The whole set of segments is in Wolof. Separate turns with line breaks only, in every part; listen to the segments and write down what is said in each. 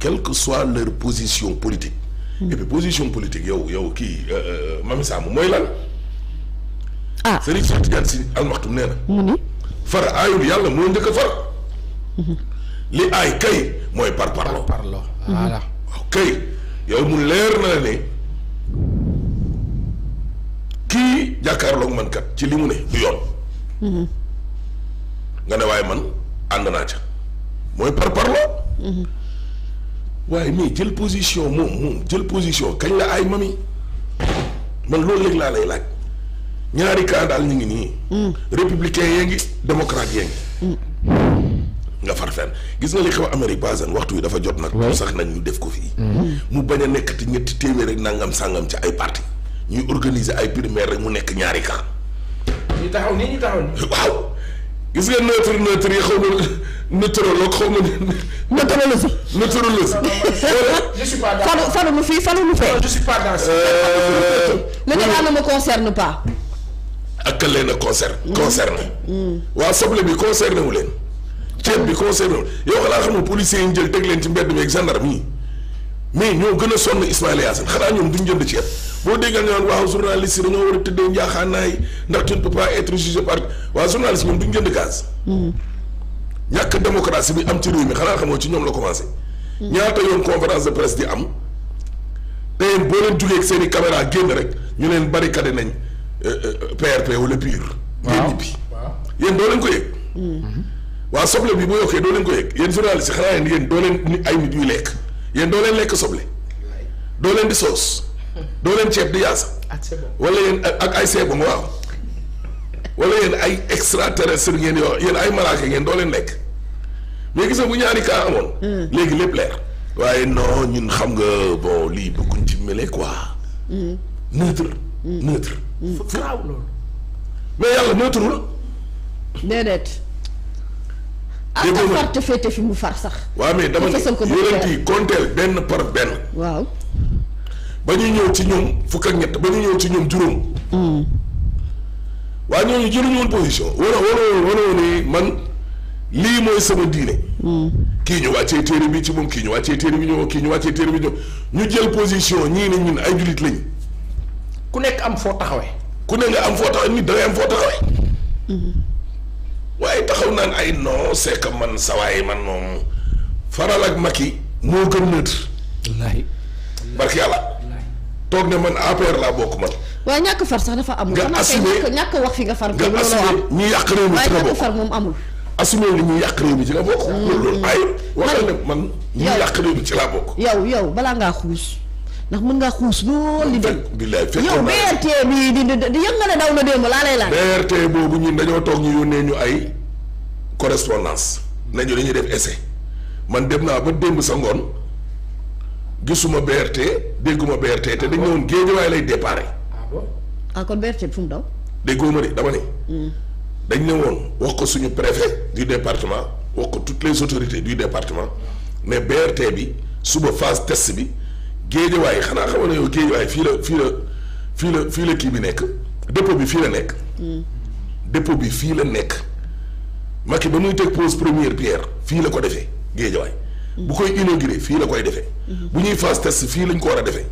quelle que soit leur position politique. et puis position politique yow yow kii euh, euh, Mamy Samb mooy lan. ah Serigne Cheikh Tidiane Sy Al Maktoum nee mu ni far aayul yàlla moo njëkk far. Mhm. li aay kay mooy par parlo. parlo voilà. kay mu leer na la ne kii jàkkaarloog man kat ci li mu ne du yoon. Mhm. nga ne waaye man ànd naa ca mooy par parlo. Mhm. waaye mais jël position moom moom jël position kañ la ay mami man loolu léegi laa lay laaj ñaari cas daal ñu ngi nii. Mm. républicain yee ngi démocrate yee ngi. Mm. nga far fenn gis nga li xew Amérique basan waxtu wi dafa jot nag. pour sax nañ ñu def ko fii. Mm. mu bañ a nekkati ñetti téeméer rek nangam sangam ci ay parti ñuy organiser ay primaire rek mu nekk ñaari cas. ñu taxaw nii ñu taxaw nii. waaw gis nga neutre neutre yi xaw ma. météorologue xaw ma ne. météorologue sax. météorologue sax. je suis pas dans. Fadou fii Fadou mu fee. non je suis pas dans ça. Euh, le débat ne me concerne pas. ak leen a concerne. Mm. concerne. Mm. waa soble bi concerné wu leen. ceeb bi concerné wu yow xanaa xam ne policiers yi ñu jël teg leen ci mbedd meeg gendarme yi mais ñoo gën a sonn Ismaïla Yacine xanaa ñoom duñ jënd ceeb boo déggal ñu naan waaw journaliste yi dañoo war a tëddee njaaxaanaay ndax tu ne peux pas être jugé par waa journaliste ñoom duñ jënd gaz. Mm. ñàkk démocratie bi am ci réew mi xanaa xamoo ci ñoom la commencé. ñaata yoon conférence de presse di am te yéen boo leen jugee ak seen i caméra génn rek ñu leen barricade nañ PRP euh, euh, wala PUR. waaw ngeen ñibbi yéen doo leen ko yëg. Mm-hmm. waa soble bi bu yokkee doo leen ko yëg yéen journaliste xanaa yéen yéen doo leen ay nit ñuy lekk yéen doo leen lekk soble doo leen di soos doo leen ceeb di yaasa. Ah, wala yéen ak ay seebam waaw. wala yéen ay extraterrestre ngeen yoo yéen ay malaaka ngeen doo leen lekk mais gis nga bu ñaari cas amoon. léegi lépp leer. waaye non ñun xam nga bon lii bëgguñ ci mêlé quoi. neutre. neutre. fu garaaw loolu. mais yàlla neutre la. déedéet. déedéet far te fi mu far sax. waaw mais dama ne yonent yi konteel benn par benn. waaw. ba ñuy ñëw ci ñoom fukk ak ñett ba ñuy ñëw ci ñoom juróom. waaye ñooñu jëluñu woon position wala wala wala woon man. lii mooy sama diine. Hmm. kii ñu wàccee téere bi ci moom kii ñu wàccee téere bi ñëw kii ñu wàccee téere bi ñëw ñu jël position ñii ne ñun ay jullit lañu. ku nekk am foo taxawe ku ne nga am foo taxawee nit da ngay am foo taxawee. Hmm. ay non man sawaay man moom faral ak Macky moo gën neutre. barki yàlla. toog ne man APR laa bokk man. waaye ñàkk far sax dafa amul. nga assumer ñàkk wax fi nga far. nga assumer ñu yàq réew mi ci nga bokk moom amul. assumé li ñuy yàq réew mi ci la bokk. Mm. loolu loolu ayib. waxal ne man ñu yàq réew mi ci laa bokk. yow yow balaa ngaa xuus ndax mën ngaa xuus lool. li dem bi yëg nga ne daw na démb laa lay laaj. BRT boobu ñun dañoo toog ñu yónnee ñu ay correspondance nañu dañuy def essai man dem naa ba démb sa ngoon gisuma BRT dégguma BRT te dañ ne woon lay déparé. ah, ah kon BRT bi fu daw. déggoo ma de dama ne. Mm. dañ ne woon wax ko suñu préfet du département wax ko toutes les autorités du département mais BRT bi suba phase test bi géejawaay xanaa xamoon na yow géejawaay fii la fii la fii la fii la kii bi nekk dépôt bi fii la nekk. Hmm. dépôt bi fii la nekk. Macky ba muy teg pose première pierre fii la ko defee géejawaay. Hmm. bu koy inauguré fii la koy defee. Hmm. bu ñuy fas test fii lañ ko war a defee.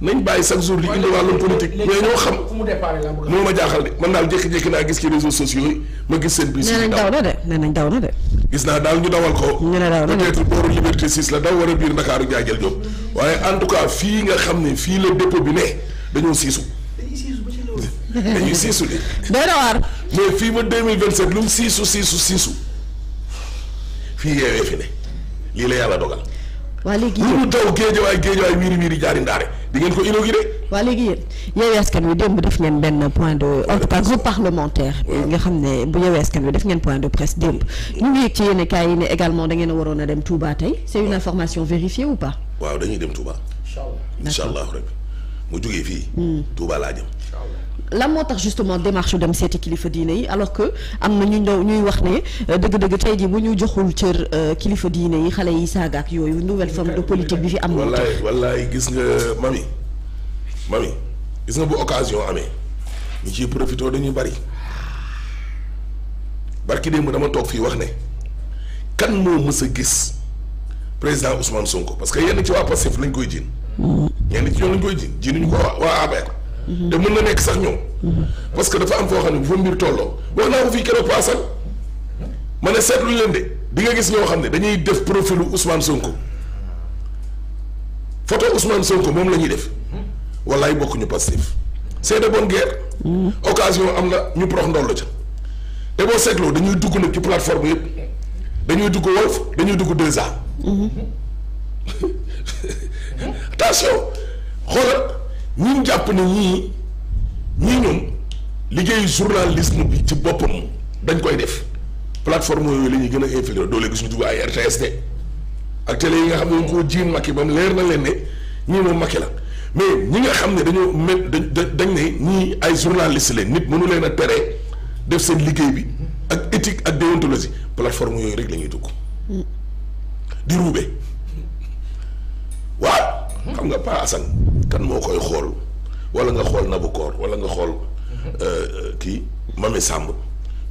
nañ bàyyi chaque jour di indi wàllum politique mais ñoo xam moo ma jaaxal de man daal jékki-jékki naa gis ci réseaux sociaux yi ma gis seen. bis yi daw na de daw na de. daal ñu dawal ko. ñu ne daw na de peut-être booru Liberté 6 biir Ndakaaru jaajël Diop. waaye en tout cas fii nga xam ne fii la dépôt bi ne dañoo siisu. dañuy siisu de. doy na fii ba deux mille vingt set lu mu siisu siisu siisu fii yeewee fi ne lii la yàlla dogal. waa léegi yéen lu mu taw géejawaay géejawaay wiiri wiiri jaari ndaare di ngeen ko inauguré. waa léegi yéen Yewwi Wi démb def ngeen benn point de en tout cas groupe parlementaire. nga xam ne bu Yewwi Askan Wi def ngeen point de presse démb. ñu ngi yëg ci yéen kaay yi ne également da ngeen waroon a dem Touba tey c'est une information vérifiée ou pas. waaw dañuy dem Touba. incha allah incha allah rabbi mu jugee fii. Hmm. Touba laa jëm. lan moo tax justement démarche dem seeti kilifa diine yi alors que am na ñu ndaw ñuy wax ne euh, dëgg-dëgg tey jii bu ñu joxul cër euh, kilifa diine yi xale yi saaga yooyu nouvelle forme de politique bi fi am. wallaay wallaay gis nga mami mami gis nga bu occasion amee ñu ciy profité dañuy bari barki démb dama toog fii wax ne kan moo mës a gis président Ousmane Sonko parce que yenn ci waa Pastef lañ koy jiin. ñenn mm. ci ñoom lañ koy jiin jiinuñu ko waa waa APR. te mën na nekk sax ñoom. parce que dafa am foo xam ne bu fa mbir tolloo wax naa ko fii keroog paasal ma ne seetlu leen de di nga gis ñoo xam ne dañuy def profilu Ousmane Sonko photo Ousmane Sonko moom la ñuy def wallaay bokkuñu Pastef c'est de bonne guerre. occasion am na ñu prox la ca te boo seetloo dañuy dugg nag ci plateforme yëpp dañuy dugg Walf dañuy dugg 2A. ñun jàpp ne ñii ñii ñoom liggéeyu journalisme bi ci boppam dañ koy def plateforme yooyu la ñuy gën a infiltré doole gis ñu dugg ay RTS ak tele yi nga xam ne dañ koo jiin Macky ba leer na leen ne ñii moom Macky la mais ñi nga xam ne dañoo mel dañ ne ñii ay journaliste leen nit mënu leen a tere def seen liggéey bi ak éthique ak déontologie plateforme yooyu rek la ñuy dugg di ruube xam nga Pa Assane kan moo koy xool wala nga xool Nabou Cor wala nga xool euh, kii Mami sàmb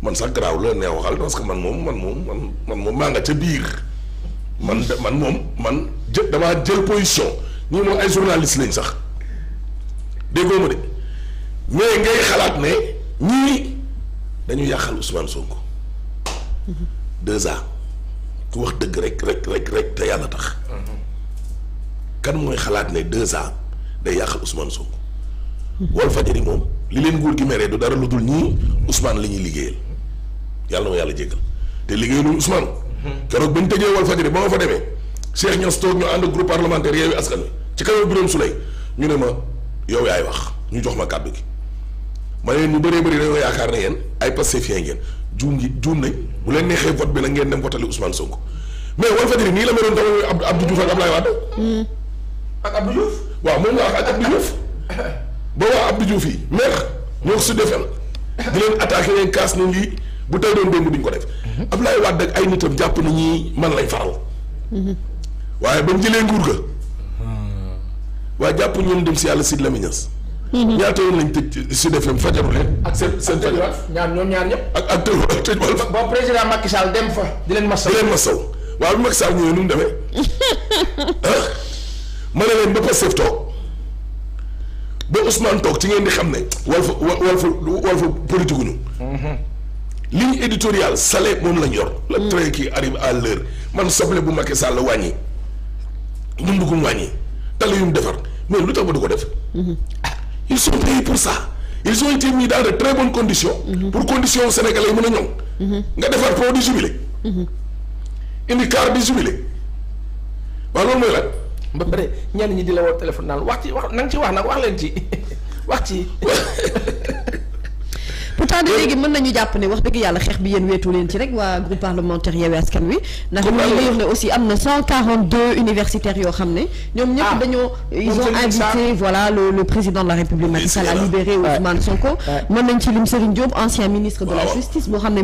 man sax garaaw la nee waxal parce que man moom man moom man man moom maa nga ca biir man de man moom man jë damaa jël position ñii moom ay journaliste lañ sax déggoo ma de mais ngay xalaat ne ñii dañu yàqal Ousmane Sonko mm-hmm. deux ans ku wax dëgg rek rek rek rek te yàlla tax. Mm-hmm. kan mooy xalaat ne deux ans day yàqal Ousmane Sonko. Walfadjri moom li leen nguur gi meree du dara lu dul ñii Ousmane li ñuy liggéeyal yàlla na yàlla jéggal te liggéeyaluñ Ousmane. keroog ba ñu tëjee Walfadjri ba ma fa demee Cheikh Niass toog ñu ànd groupe parlementaire Yewwi Askan Wi ci kanam Birame Souleye ñu ne ma yow yaay wax ñu jox ma kàddu gi ma ne ñu bëree bëri dañoo yaakaar ne yéen ay Pastefien ngeen juum gi juum nañ bu leen neexee vote bi nag ngeen dem votali Ousmane Sonko mais Walfadjri nii la meloon tamit Abdou ak Abdou Diouf. waaw moom laa wax ak Abdou Diouf ba waa Abdou yi meex ñoo su defee di leen attaqué leen kaas nañ lii bu tey doon démb duñ ko def. Mhm. Abdoulaye Wade ak ay nitam jàpp na ñii man lañ faral. Mhm. waaye ba jëlee nguur ga. Mhm. waaye jàpp ñoom dem si yàlla Sidy Lamine Niass. lañ tëj Sud FM fajaru leen. ak seen seen fajar ñaar ñoom ñaar ñëpp. ak ak tëj ak tëj dem fa. di leen masaw di leen masaw waaw bi Macky Sall nu mu demee. ma ne leen ba Pastef toog ba Ousmane toog ci ngeen di xam ne Walf Walf Walf politique ñu mm-hmm. ligne éditoriale salé moom lañ yor la mm-hmm. train qui arrive à l'heure man soble bu Macky Sall wàññi ñun bëggum wàññi tali yu mu defar mais lu tax ba du ko def mm-hmm. ah, il sont payés pour ça ils ont été mis dans de très bonnes conditions pour condition sénégalais yi mën a ñoŋ nga defar pro di jubilé indi car di jubilé waaw loolu mooy lan ba pare ñenn ñi di la woo téléphone naan wax ci wax na nga ci wax nag wax leen ci wax ci. pourtant de léegi mën nañu jàpp ne wax dëgg yàlla xeex bi yéen weetu leen ci rek waa groupe parlementaire Yewwi Askan Wi ndax ñu ngi wax ne aussi am na 142 universitaires yoo xam ne ñoom ñëpp ah, dañoo ils ont invité voilà le le président de la République Macky a à libérer Ousmane Sonko mën nañ ci lim Serigne Diop ancien ministre de la justice boo xam ne